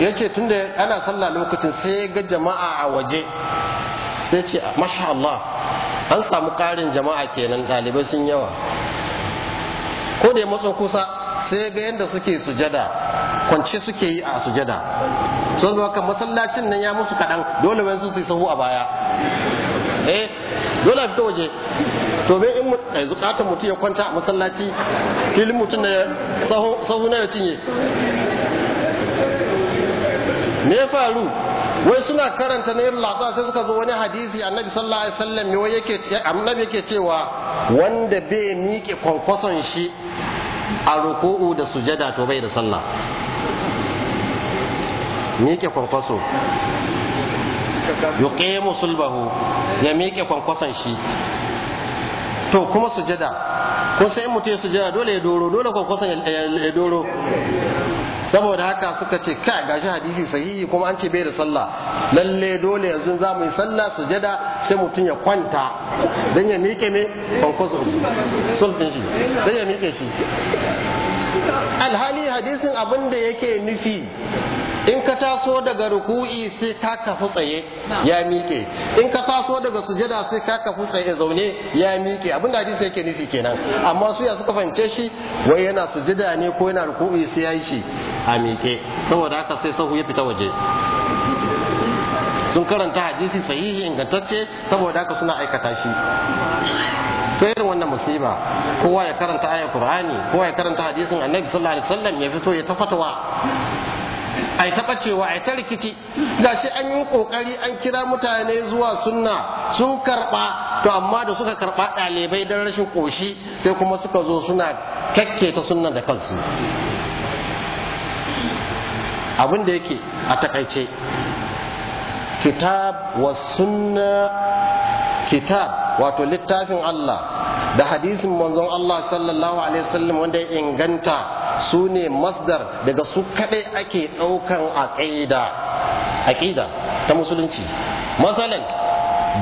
ya ce tunda ana sallah lokacin sai ya ga jama'a a waje sai ce masha Allah an samu karin jama'a kenan ɗalibai sun yawa ko da ya maso kusa sai ga yadda suke sujada kwance suke yi a sujada so haka masallacin nan ya musu kaɗan dole wani su sahu a baya eh dole a fito waje to bai in yanzu eh, katon mutum ya kwanta a masallaci filin mutum na sahu na ya cinye me ya faru wai suna karanta na yin latsa sai suka zo wani hadisi annabi sallallahu alaihi wasallam yau yake annabi yake cewa wanda bai miƙe kwankwason shi a ruku'u da sujada to bai da sallah miƙe kwankwaso yuqimu sulbahu ya miƙe kwankwason shi to kuma sujada ko sai mutum ya sujada dole ya doro dole ko kusan ya doro saboda haka suka ce kai gashi hadisi sahihi kuma an ce bai da sallah lalle dole yanzu za mu yi sallah sujada sai mutum ya kwanta dan ya miƙe me kwankwaso sulfin shi dan ya miƙe shi alhali hadisin abin da yake nufi in ka taso daga ruku'i sai ka kafu tsaye ya miƙe in ka taso daga sujada sai ka kafu tsaye zaune ya miƙe abin da hadisi yake nufi kenan amma su ya suka fahimce shi wai yana sujada ne ko yana ruku'i sai ya yi shi a miƙe saboda haka sai sahu ya fita waje sun karanta hadisi sahihi ingantacce saboda haka suna aikata shi to irin wannan musiba kowa ya karanta ayar qur'ani kowa ya karanta hadisin annabi sallallahu alaihi wasallam ya fito ya tafatawa ai ta bacewa ai ta rikici gashi an yi kokari an kira mutane zuwa sunna sun karba to amma da suka karba ɗalibai don rashin koshi sai kuma suka zo suna kakke ta sunna da kansu abin da yake a takaice kitab wa sunna kitab wato littafin Allah da hadisin manzon Allah sallallahu alaihi wasallam wanda ya inganta su ne masdar daga su kadai ake daukan aqida aqida ta musulunci masalan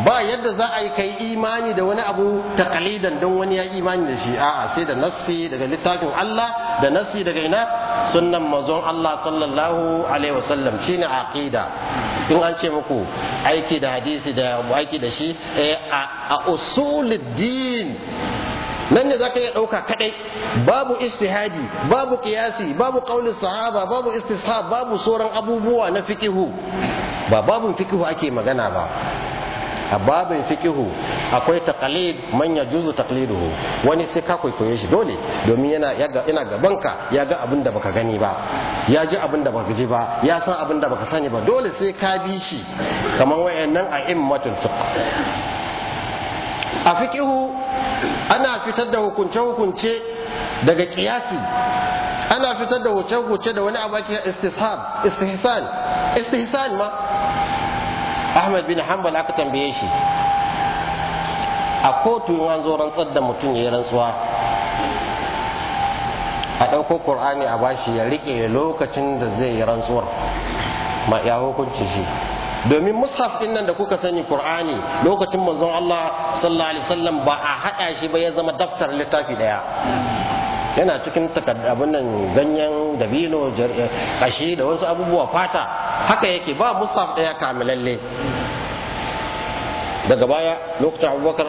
ba yadda za a yi kai imani da wani abu takalidan don wani ya imani da shi a'a sai da nassi daga littafin Allah da nassi daga ina sunnan manzon Allah sallallahu alaihi wasallam shine aqida in an ce muku aiki da hadisi da aiki da shi eh, a usuluddin nan ne zaka iya ɗauka kadai babu istihadi babu kiyasi babu ƙaunin sahaba babu istishab babu sauran abubuwa na fikihu ba babun fikihu ake magana ba a babin fikihu akwai taqlid man yajuzu taqliduhu wani sai ka kwaikwaye shi dole domin yana gaban ka ya ga abin da baka gani ba ya ji abin da baka ji ba ya san abin da baka sani ba dole sai ka bi shi kamar wayannan a immatul fiqh a fikihu ana fitar da hukunce-hukunce daga qiyasi ana fitar da hukunce-hukunce da wani abaki istihsan istihsan istihsan ma ahmad bin hanbal aka tambaye shi a kotu an zo rantsar da mutum ya yi rantsuwa a ɗauko ƙur'ani a bashi ya riƙe lokacin da zai yi rantsuwar ma ya hukunci shi domin mushaf din nan da kuka sani ƙur'ani lokacin manzon Allah sallallahu alaihi wasallam ba a haɗa shi ba ya zama daftar littafi ɗaya. yana cikin abin nan ganyen dabino kashi da wasu abubuwa fata haka yake ba musaf ɗaya kamilalle daga baya lokacin abubakar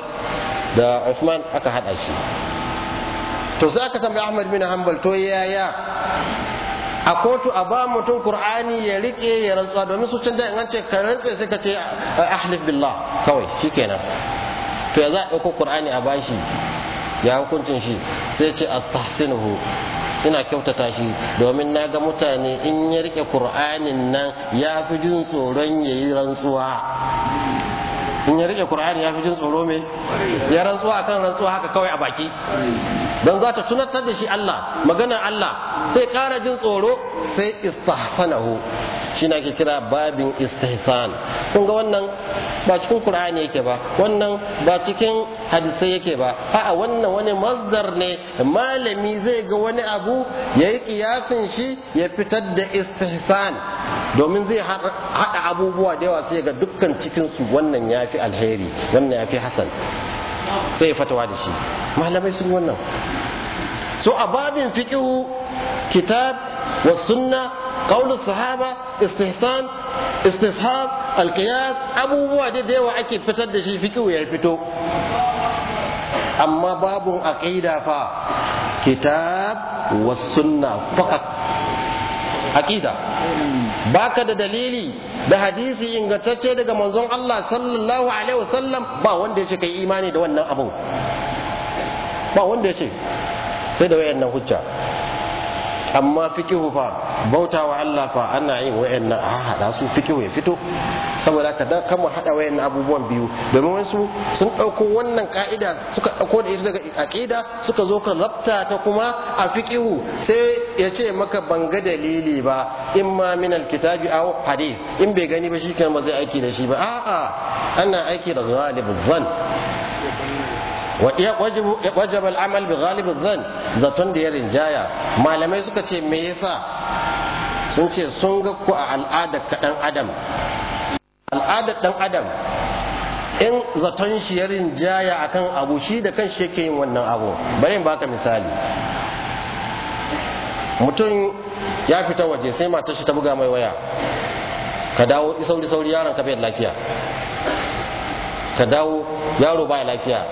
da Usman aka haɗa shi to sai aka tambayi Ahmad bin Hanbal to yaya a kotu a ba mutum Qur'ani ya rike ya rantsuwa domin su canza in an ce ka rantse sai ka ce ahlif billah kawai shikenan to ya za a ɗauko Kur'ani a bashi ya hukuncin shi sai ce astahsinuhu ina kyautata shi domin na ga mutane in ya rike qur'anin nan ya fi jin tsoron ya yi rantsuwa in ya rike qur'ani ya fi jin tsoro me ya rantsuwa akan rantsuwa haka kawai a baki don za ta tunatar da shi Allah magana Allah sai kara jin tsoro sai istahsanahu shi na ke kira babin istihsan kun ga wannan ba cikin qur'ani yake ba wannan ba cikin hadisai yake ba a'a wannan wani masdar ne malami zai ga wani abu yayi kiyasin shi ya fitar da istihsan domin zai haɗa abubuwa da yawa sai ga dukkan cikinsu wannan ya fi alheri wannan ya fi hasan sai fatawa da shi malamai sun wannan so a babin fiƙihu kitab wa sunna قول الصحابة استحسان استصحاب القياس أبو وادي yawa ake fitar da shi fikihu ya fito amma babun aqida fa kitab was sunna baka da dalili da hadisi ingantacce daga manzon Allah sallallahu alaihi wasallam ba wanda yace kai imani da wannan abu, ba wanda yace sai da wayannan hujja amma fikihu fa bautawa Allah fa ana yin wayannan a hada su fikihu ya fito saboda ka da kama hada wayannan abubuwan biyu domin wasu sun dauko wannan ka'ida suka dauko da ita daga aqida suka zo kan rabta ta kuma a fikihu sai ya ce maka banga dalili ba in ma min alkitabi aw hadith in bai gani ba shikenan ba zai aiki da shi ba a'a ana aiki da ghalibul zan wajib al'amal bi ghalibin zan zaton da ya rinjaya malamai suka ce me yasa sun ce sun ga ku a al'adar ka dan adam al'adar dan adam in zaton shi ya rinjaya akan abu shi da kan shi yake yin wannan abu bari in baka misali mutum ya fita waje sai matar shi ta buga mai waya ka dawo sauri sauri yaron ka bai lafiya ka dawo yaro baya lafiya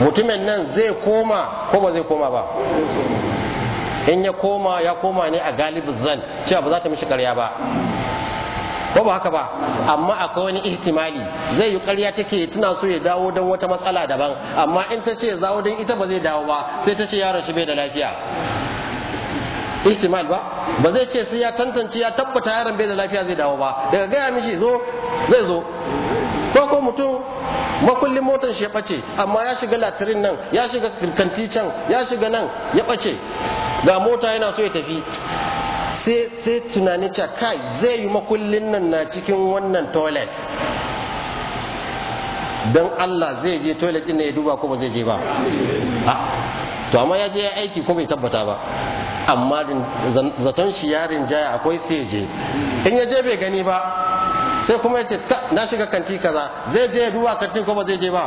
mutumin nan zai koma ko ba zai koma ba in ya koma ya koma ne a galibin zan cewa ba za ta mishi karya ba ko ba haka ba amma akwai wani ihtimali zai yi karya take tana so ya dawo don wata matsala daban amma in ta ce zawo don ita ba zai dawo ba sai ta ce yaron shi bai da lafiya ihtimal ba ba zai ce sai ya tantance ya tabbata yaron bai da lafiya zai dawo ba daga gaya mishi zo zai zo ko ko mutum makullin motar shi ya bace, amma ya shiga latirin nan ya shiga kanti can ya shiga nan ya bace. ga mota yana so ya tafi sai tunani ta kai zai yi makullin nan na cikin wannan toilet don Allah zai je toilet ɗin ya duba ko ba zai je ba ah, to amma ya je ya aiki ko bai tabbata ba amma zaton shi ya rinjaya akwai sai je in ya je bai gani ba sai kuma ya ce na shiga kanti kaza zai je ya kantin ko ba zai je ba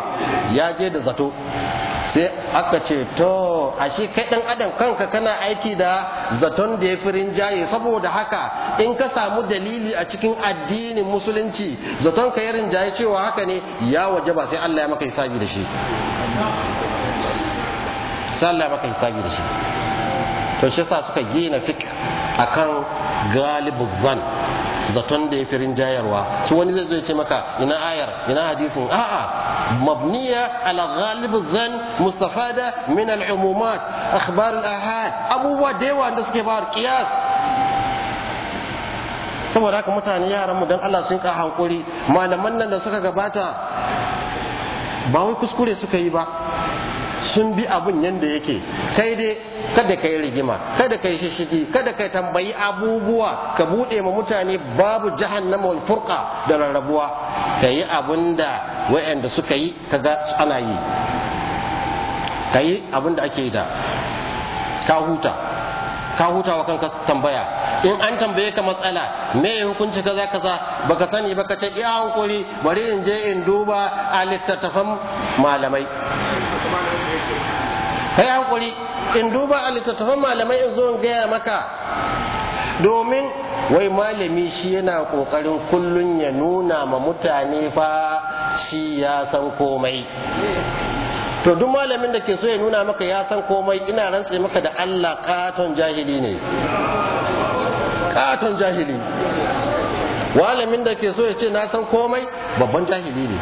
ya je da zato sai aka ce to ashe kai dan adam kanka kana aiki da zaton da ya firin jaye saboda haka in ka samu dalili a cikin addinin musulunci zaton ka yarin jaye cewa haka ne ya waje ba sai Allah ya maka hisabi da shi sai Allah ya maka hisabi da shi to shi sa suka gina fik akan galibu zan zaton da ya fi rinjayarwa su wani zai zo ce maka ina ayar ina hadisin a'a mabniya ala ghalib zan da min al umumat akhbar al ahad abubuwa da yawa da suke ba kiyas saboda haka mutane yaran mu dan Allah sun ka hankuri malaman nan da suka gabata ba wai kuskure suka yi ba sun bi abun yanda yake kai dai kada kai rigima kada kai shishigi kada kai tambayi abubuwa ka bude ma mutane babu jahannama wal furqa da rarrabuwa kai abun da wayanda suka yi kaga ana yi kai abun da ake da ka huta ka huta wa kanka tambaya in an tambaye ka matsala me ya hukunci kaza kaza baka sani ba ka ce iya hankuri bari in je in duba a littattafan malamai yi hankuri in duba a littattafan malamai in zo in gaya maka domin wai malami shi yana kokarin kullun ya nuna ma mutane fa shi ya san komai to duk malamin da ke so ya nuna maka ya san komai ina rantse maka da Allah katon jahili ne katon jahili walamin da ke so ya ce na san komai babban jahili ne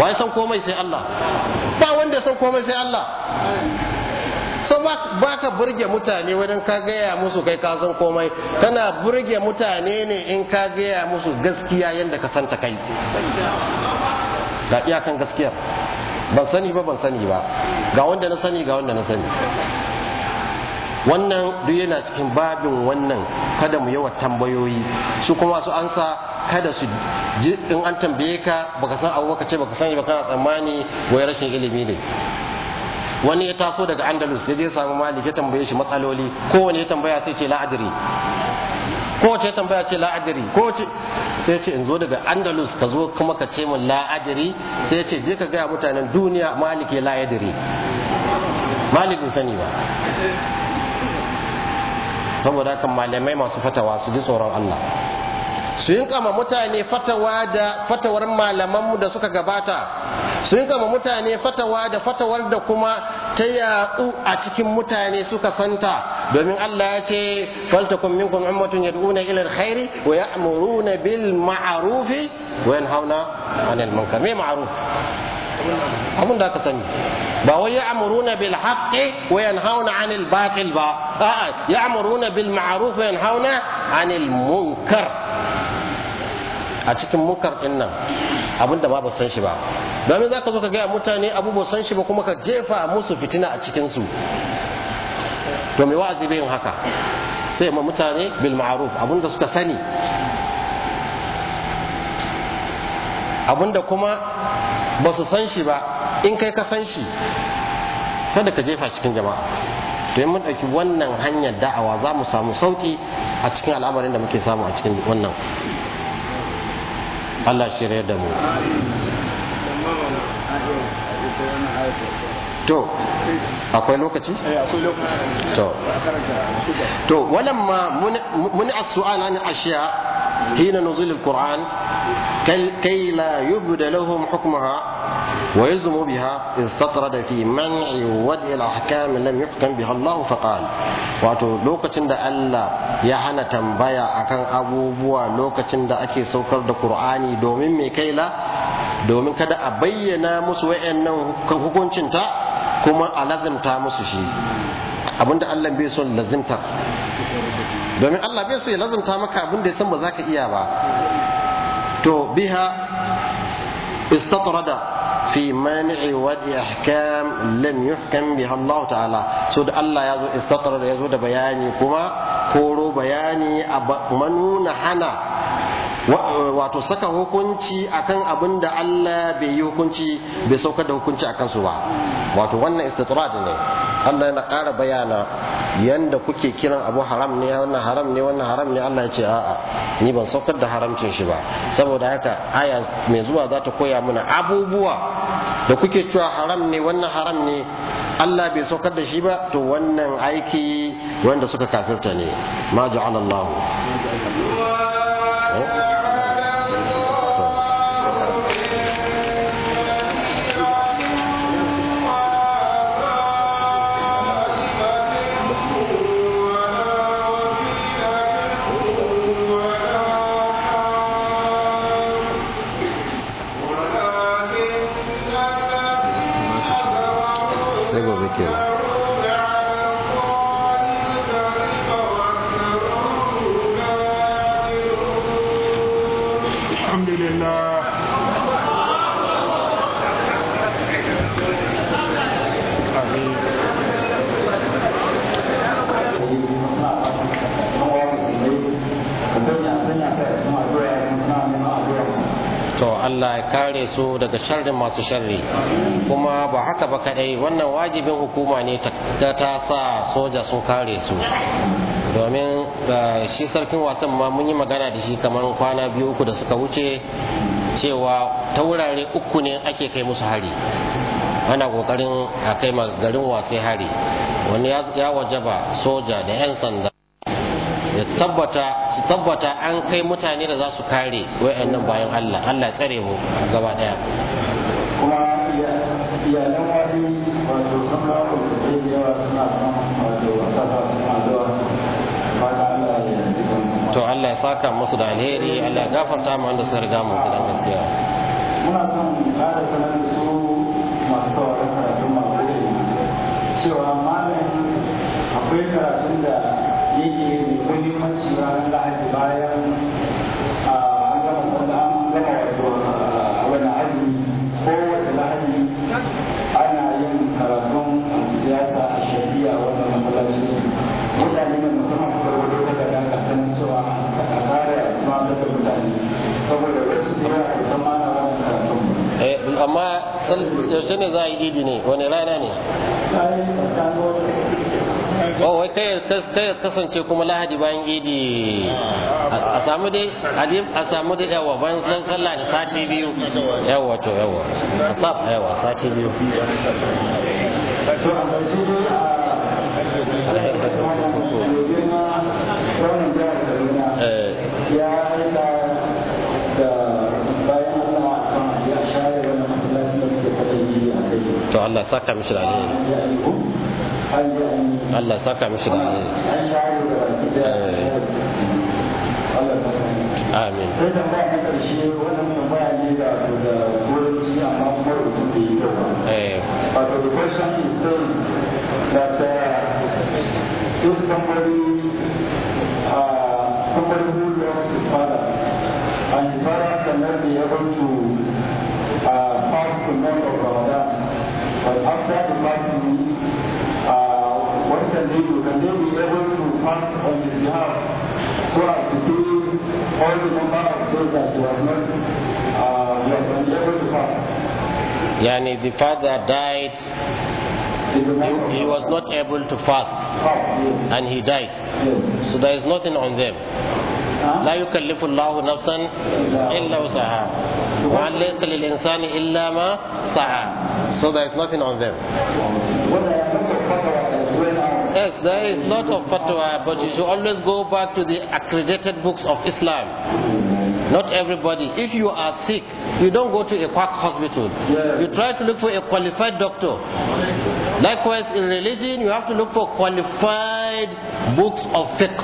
wa san komai sai Allah ba wanda san komai sai Allah so ba ka burge mutane wajen ka gaya musu kai ka san komai kana burge mutane ne in ka gaya musu gaskiya yadda ka santa kai ga iyakan gaskiyar ban sani ba ban sani ba ga wanda na sani ga wanda na sani wannan duk yana cikin babin wannan kada mu yawa tambayoyi su kuma su ansa kada su in an tambaye ka baka san abu baka ce baka sani ba kana tsammani wai rashin ilimi ne wani ya taso daga andalus ya je samu malik ya tambaye shi matsaloli wani ya tambaya sai ce la'adiri kowace tambaya ce la'adiri ce sai ce in zo daga andalus ka zo kuma ka ce min la'adiri sai ce je ka gaya mutanen duniya malik ya la'adiri malik in sani ba saboda kan malamai masu fatawa su ji tsoron allah su yinka ma mutane fatawa da fatawar malamanmu da suka gabata su yinka mutane fatawa da fatawar da kuma ta yatsu a cikin mutane suka santa domin Allah ya ce faltakum minkum ummatun yad'una ila alkhairi wa ya'muruna bil ma'ruf wa yanhauna 'anil munkar me ma'ruf abun da aka sani ba wai ya'muruna bil haqqi wa yanhauna 'anil batil ba a'a ya'muruna bil ma'ruf wa yanhauna 'anil munkar a cikin mukar din nan abin da ma ba san shi ba domin za ka zo ka gaya mutane abu ba san shi ba kuma ka jefa musu fitina a cikinsu to mai wa'azi bai haka sai ma mutane bil ma'ruf abin da suka sani abin da kuma ba su san shi ba in kai ka san shi kada ka jefa cikin jama'a to mun ɗauki wannan hanyar da'awa za mu samu sauki a cikin al'amarin da muke samu a cikin wannan Allah shirya da mu to akwai lokaci eh, to ma walamma mun as-su'al an ashiya hina nuzul quran la yubda lahum hukmaha ويلزم بها استطرد في منع وضع الأحكام لم يحكم بها الله فقال wato lokacin da Allah ya hana tambaya akan abubuwa lokacin da ake saukar da Kur'ani domin mai kaila domin kada a bayyana musu wayannan hukuncinta kuma a lazimta musu shi abinda Allah bai son lazimta domin Allah bai so ya lazimta maka abinda ya san ba za ka iya ba to استطرد في مانع وجه احكام لم يحكم بها الله تعالى سود الله يزو استطرد يزو ده بياني كما كورو بياني منون حنا wato saka hukunci akan abin da Allah bai yi hukunci bai saukar da hukunci akan su ba wato wannan istitrad ne Allah yana ƙara bayana yanda kuke kiran abu haram ne wannan haram ne wannan haram ne Allah ya ce a'a ni ban saukar da haramcin shi ba saboda haka aya mai zuwa za ta koya mana abubuwa da kuke cewa haram ne wannan haram ne Allah bai saukar da shi ba to wannan aiki wanda suka kafirta ne ma ja'alallahu Allah ya kare su daga sharrin masu sharri kuma ba haka ba kadai wannan wajibin hukuma ne ta sa soja sun kare su domin eh, shi sarkin wasan ma mun yi magana da shi kamar kwana biyu uku da suka wuce cewa ta wurare uku ne ake kai musu hari ana kokarin a kai garin wasai hari wani ya wajaba soja da 'yan sanda ya tabbata su tabbata an kai mutane da za su kare wayannan bayan Allah Allah tsare mu gaba daya kuma iyalan wani wato sun kawo da yawa suna son wato matasa suna zuwa fata Allah ya ji kansu to Allah ya saka musu da alheri Allah ya gafarta mu wanda suka riga mu gidan gaskiya muna son ƙara sanar da su masu sauraron karatun masu cewa malamin akwai karatu amma yaushe ne za a yi idi ne wani rana ne oh wai kai kasance kuma lahadi bayan idi a samu dai a samu dai yawa bayan san sallah da sati biyu yawa to yawa a sab yawa sati biyu to Allah saka mishi da alheri Allah saka mishi da alheri eh. amin but eh. the question is that uh, if somebody uh, somebody who lost his father and his father cannot be able to uh, But after the party, uh, what can they do? Can they be able to fast on his behalf so as to pay all the number of those that he has not, uh, he was able to fast? Yani the father died, he, he was not able to fast, ah, and he died. So there is nothing on them. la yukallifu Allahu nafsan illa wusaha wa laysa lil insani illa ma sa'a so there is nothing on them Yes, there is lot of fatwa, but you should always go back to the accredited books of Islam. Not everybody. If you are sick, you don't go to a quack hospital. You try to look for a qualified doctor. Likewise, in religion, you have to look for qualified books of fiqh.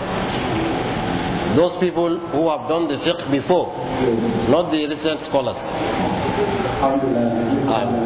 Those people who have done the fiqh before, not the recent scholars. Amen.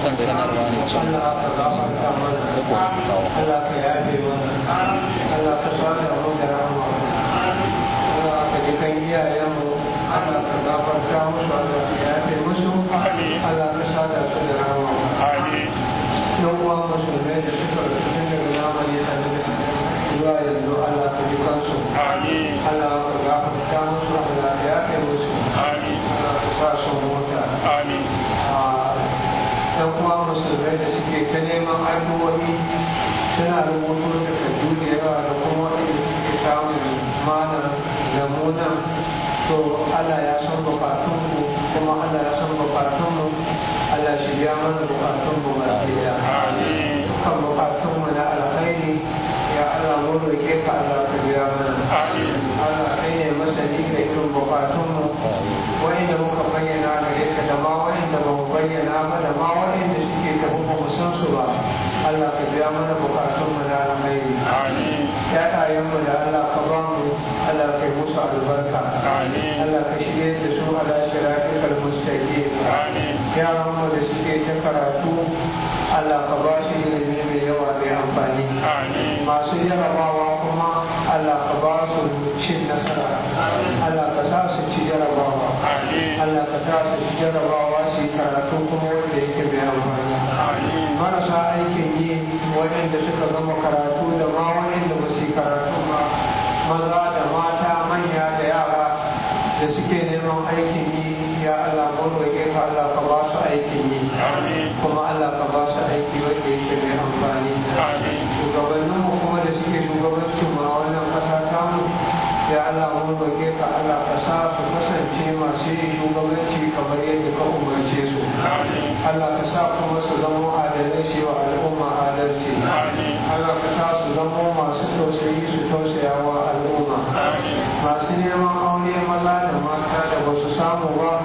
kan sanarwa ne ce saboda kawo Allah ka gafarta musu Allah ka yafe musu Allah ka sada su da rama yan uwa musulmai da suka rufe daga zamani a zuwa yanzu Allah ka ji kansu Allah ka gafarta musu Allah ka yafe musu Allah ka sa su mota ta kuma musulmai da suke ta neman addu'o'i suna rubutu da kaddu da yawa da kuma da suke samun mana da muna to Allah ya san bukatunmu kuma Allah ya san bukatunmu Allah shi biya mana bukatunmu ba da kan bukatunmu na alkhairi ya Allah mu ke ka Allah ka biya mana Allah kai ne masani da irin bukatunmu da muka bayyana ga ka da ma wani da muka bayyana ma da ma san su ba Allah ka biya mana bukatun mu na alheri ya'ayen mu da Allah ka ba mu Allah ka yi musu albarka Allah ka shige da su ala shirafikal mustaqim ya mu da suke ta karatu Allah ka ba shi ilimi mai yawa mai amfani masu jarabawa kuma Allah ka ba su cin nasara Allah ka sa su ci jarabawa Allah ka sa su ci jarabawa su yi karatu kuma wanda yake mai amfani marasa aikin yi waɗanda suka zama karatu da ma waɗanda ba su karatu ba maza da mata manya da yara da suke neman aikin yi ya Allah mun ka Allah ka ba su aikin yi kuma Allah ka ba su aiki wanda yake mai amfani shugabannin mu kuma da suke shugabanci ma wannan ƙasa ta mu ya Allah mun ka Allah ka sa su kasance masu shugabanci kamar yadda ka umarce su Allah ka sa kuma su zama adalai shi wa al'umma adalci Allah ka sa su zama masu tausayi su tausaya wa al'umma masu neman aure maza da mata da ba su samu ba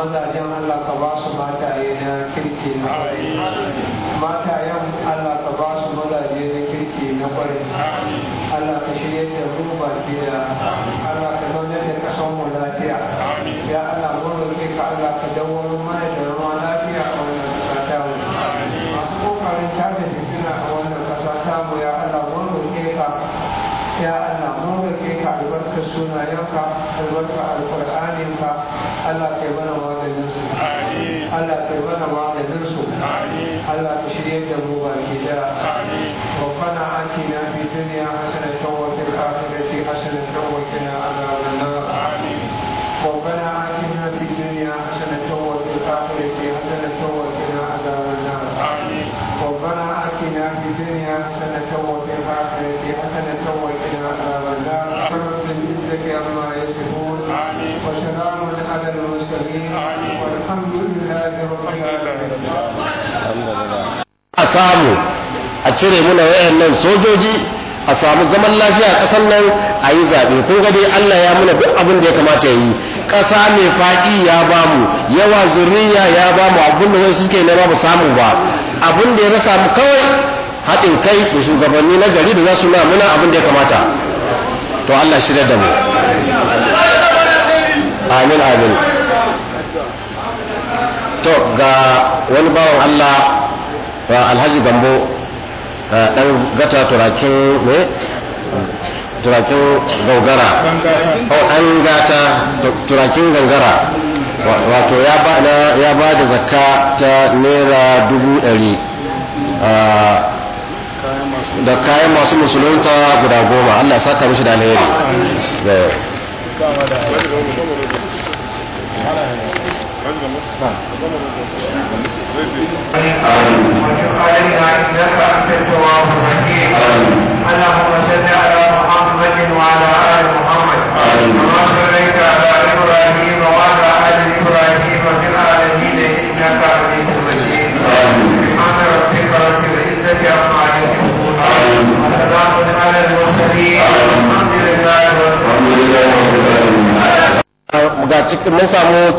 mazajen Allah ka ba su mataye na kirki na kwarai matayen Allah ka ba su mazaje na kirki na kwarai Allah ka shirya da mu baki da Allah ka zaunar da kasan mu lafiya ya Allah mu roƙe ka Allah ka dawo mana da rana wajen shafe fitina a wannan ƙasa mu ya Allah mun roƙe ka ya Allah mun roƙe ka albarkar sunayenka albarkar alƙur'aninka Allah kai mana maganin su Allah kai mana maganin su Allah ka shirye da mu baki da wa fana atina fi dunya samu a cire muna wayannan sojoji a samu zaman lafiya a ƙasar nan a yi zaɓe kun ga dai Allah ya muna duk abin da ya kamata ya yi ƙasa mai faɗi ya bamu yawa zuriya ya bamu abin da wasu suke na mu samu ba abin da ya rasa mu kawai haɗin kai da shugabanni na gari da za su na muna abin da ya kamata to Allah shirya da mu amin amin to ga wani bawan Allah alhaji gambo dan gata turakin ne turakin gaugara oh, an gata turakin gangara wato ya ba da zakka ta naira dubu ɗari da kayan masu musulunta guda goma allah saka mishi da alheri ga cikin mun samu